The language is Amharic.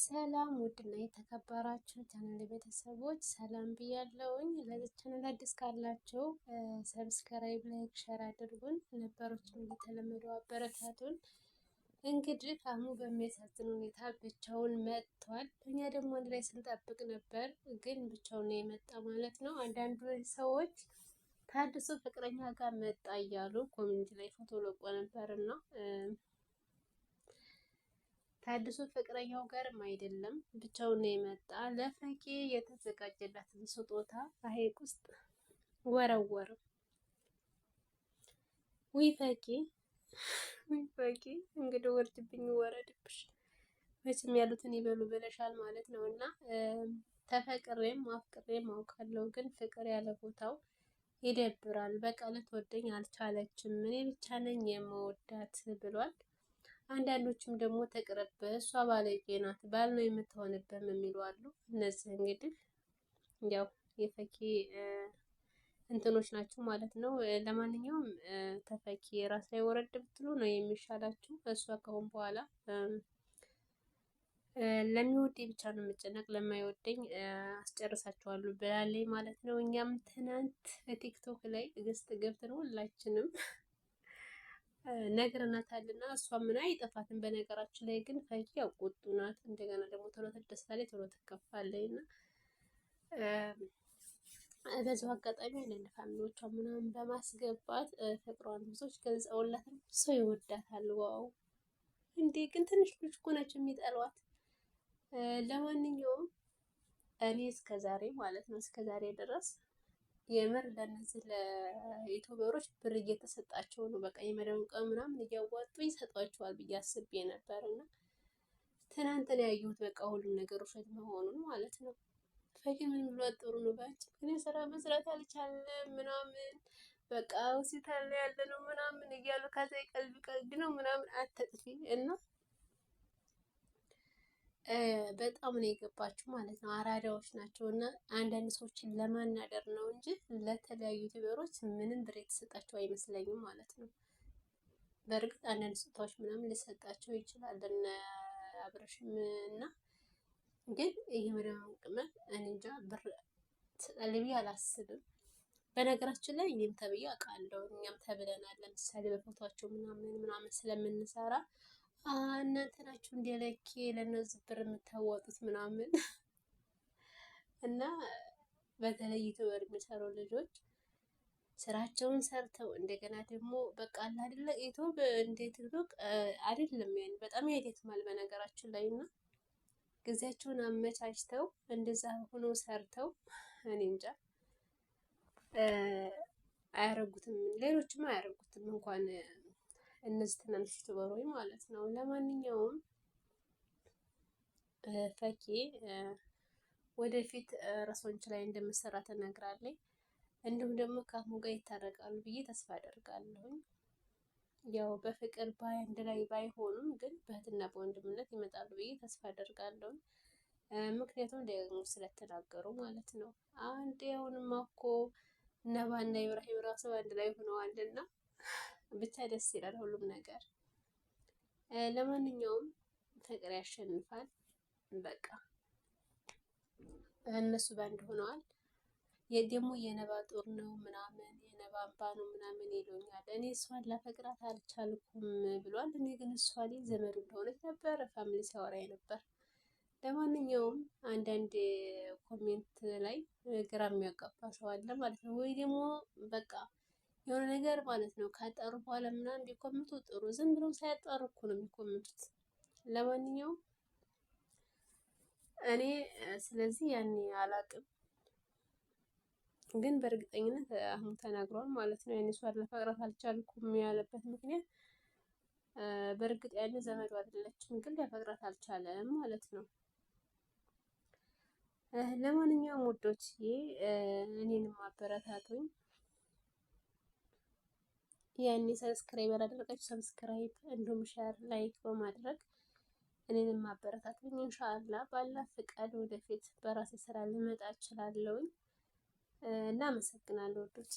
ሰላም ውድና የተከበራችሁ ቻናል ቤተሰቦች ሰላም ብያለውኝ። ለዚህ ቻናል አዲስ ካላችሁ ሰብስክራይብ፣ ላይክ፣ ሸር አድርጉን። ነበሮች እንደተለመደው አበረታቱን። እንግዲህ አሙ በሚያሳዝን ሁኔታ ብቻውን መጥቷል። እኛ ደግሞ አንድ ላይ ስንጠብቅ ነበር፣ ግን ብቻውን ነው የመጣ ማለት ነው። አንዳንድ ሰዎች ታድሶ ፍቅረኛ ጋር መጣ እያሉ ኮሚኒቲ ላይ ፎቶ ለቆ ነበር እና ከአዲሱ ፍቅረኛው ጋርም አይደለም ብቻውን ነው የመጣ። ለፈኪ የተዘጋጀላትን ስጦታ ሀይቅ ውስጥ ወረወረ። ውይ ፈኪ፣ ውይ ፈኪ፣ እንግዲህ ወርድብኝ ወረድብሽ። መቼም ያሉትን ይበሉ ብለሻል ማለት ነው እና ተፈቅሬም አፍቅሬም አውቃለሁ፣ ግን ፍቅር ያለ ቦታው ይደብራል። በቃ ልትወደኝ አልቻለችም፣ እኔ ብቻ ነኝ የምወዳት ብሏል። አንዳንዶችም ደግሞ ተቅረብ እሷ ባለጌ ናት ባል ነው የምትሆንብህም የሚሉ አሉ። እነዚህ እንግዲህ ያው የፈኪ እንትኖች ናቸው ማለት ነው። ለማንኛውም ተፈኪ ራስ ላይ ወረድ ብትሉ ነው የሚሻላችሁ። እሷ ከሆን በኋላ ለሚወደኝ ብቻ ነው የምጨነቅ፣ ለማይወደኝ አስጨርሳቸዋሉ ብላለች ማለት ነው። እኛም ትናንት ቲክቶክ ላይ ግስት ገብተን ሁላችንም ነግረናታልና እሷ ምን አይጠፋትም። በነገራችን ላይ ግን ፈኪ ያው ቁጡ ናት። እንደገና ደግሞ ቶሎ ትደስታለች፣ ቶሎ ትከፋለች። እና በዚሁ አጋጣሚ ለእነ ፋሚሊዎቿ ምናምን በማስገባት ፍቅሯን ብዙዎች ገልጸውላታል። ሰው ይወዳታል። ዋው እንዴ! ግን ትንሽ ልጅ እኮ ነች የሚጠሏት። ለማንኛውም እኔ እስከዛሬ ማለት ነው እስከዛሬ ድረስ የምር ለእነዚህ ለኢትዮበሮች ብር እየተሰጣቸው ነው። በቃ የመዳን ምናምን እያዋጡ ይሰጧቸዋል ብዬ አስቤ ነበር እና ትናንትና ያየሁት በቃ ሁሉም ነገር ውሸት መሆኑን ማለት ነው። ፈኪ ምን ብሏት ጥሩ ነው ባጭ እኔ ስራ መስራት አልቻለም ምናምን በቃ ሆስፒታል ያለ ነው ምናምን እያሉ ከዛ ቀልድ ቀልድ ነው ምናምን አተጥፊ እና በጣም ነው የገባችሁ ማለት ነው። አራዳዎች ናቸው እና አንዳንድ ሰዎችን ለማናደር ነው እንጂ ለተለያዩ ዩቲዩበሮች ምንም ብር የተሰጣቸው አይመስለኝም ማለት ነው። በእርግጥ አንዳንድ ስጦታዎች ምናምን ሊሰጣቸው ይችላል እና አብረሽም እና ግን ይህ ምንም ቅመም እንጃ ብር ትሰጣለች ብዬ አላስብም። በነገራችን ላይ እኔም ተብዬ አውቃለሁ። እኛም ተብለናል። ለምሳሌ በፎቷቸው ምናምን ምናምን ስለምንሰራ እናንተ ናችሁ እንደ ለኬ ለእነዚህ ብር የምታዋጡት ምናምን እና በተለይ ዩቲዩበር የሚሰሩ ልጆች ስራቸውን ሰርተው እንደገና ደግሞ በቃ አለ አይደለ ዩቲዩብ እንደ ቲክቶክ አይደለም ያን በጣም ያደክማል በነገራችን ላይ እና ጊዜያቸውን አመቻችተው እንደዛ ሆኖ ሰርተው እኔ እንጃ አያረጉትም ሌሎችም አያረጉትም እንኳን እነዚህ ትናንሽ ዩቱበሮች ማለት ነው። ለማንኛውም ፈኪ ወደፊት ራስዎንች ላይ እንደምሰራ ተነግራለኝ። እንዲሁም ደግሞ ከአህሙ ጋር ይታረቃሉ ብዬ ተስፋ አደርጋለሁኝ። ያው በፍቅር በአንድ ላይ ባይሆኑም ግን በእህትና በወንድምነት ይመጣሉ ብዬ ተስፋ አደርጋለሁ። ምክንያቱም ደግሞ ስለተናገሩ ማለት ነው። አንድ አሁንማ እኮ ነባና ኢብራሂም ራሱ አንድ ላይ ሆነዋልና ብቻ ደስ ይላል ሁሉም ነገር። ለማንኛውም ፍቅር ያሸንፋል። በቃ እነሱ ባንድ ሆነዋል። ደግሞ የነባ ጦር ነው ምናምን የነባ አምባ ነው ምናምን ይሉኛል። እኔ እሷን ላፈቅራት አልቻልኩም ብሏል። እኔ ግን እሷ ላይ ዘመድ እንደሆነች ነበር ፋሚሊ ሲያወራኝ ነበር። ለማንኛውም አንዳንድ ኮሜንት ላይ ግራ የሚያጋባ ሰው አለ ማለት ነው ወይ ደግሞ በቃ የሆነ ነገር ማለት ነው ካጠሩ በኋላ ምናምን ቢኮምቱ ጥሩ። ዝም ብለው ሳያጠሩ እኮ ነው የሚኮምቱት። ለማንኛውም እኔ ስለዚህ ያኔ አላቅም፣ ግን በእርግጠኝነት አሁን ተናግሯል ማለት ነው። ያኔ እሷን ለፈቅራት አልቻልኩም ያለበት ምክንያት በእርግጥ ያኔ ዘመዱ አይደለችም፣ ግን ሊያፈቅራት አልቻለም ማለት ነው። ለማንኛውም ውዶችዬ እኔንም አበረታቱኝ። ያኔ ሰብስክራይብ ያላደረጋችሁ ሰብስክራይብ፣ እንዲሁም ሸር፣ ላይክ በማድረግ እኔንም ማበረታቱኝ። ኢንሻአላ ባላ ፍቃድ ወደፊት በራሴ ስራ ልመጣ እችላለሁኝ እና ወዶች